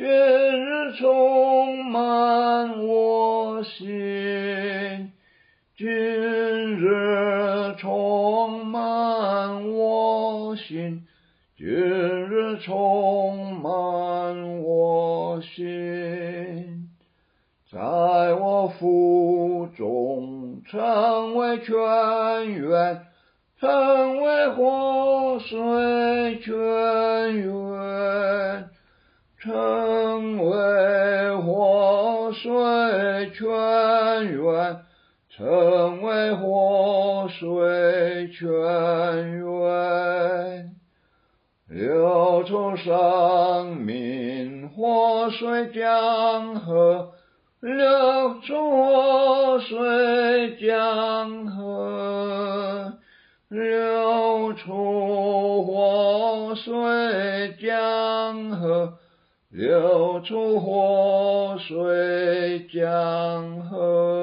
今日充滿我心，今日充滿我心，今日充滿我心，在我腹中成為泉源，成為活水泉源。成為活水泉源，成為活水泉源，流出生命，活水江河，流出活水江河，流出活水江河。流出活水江河。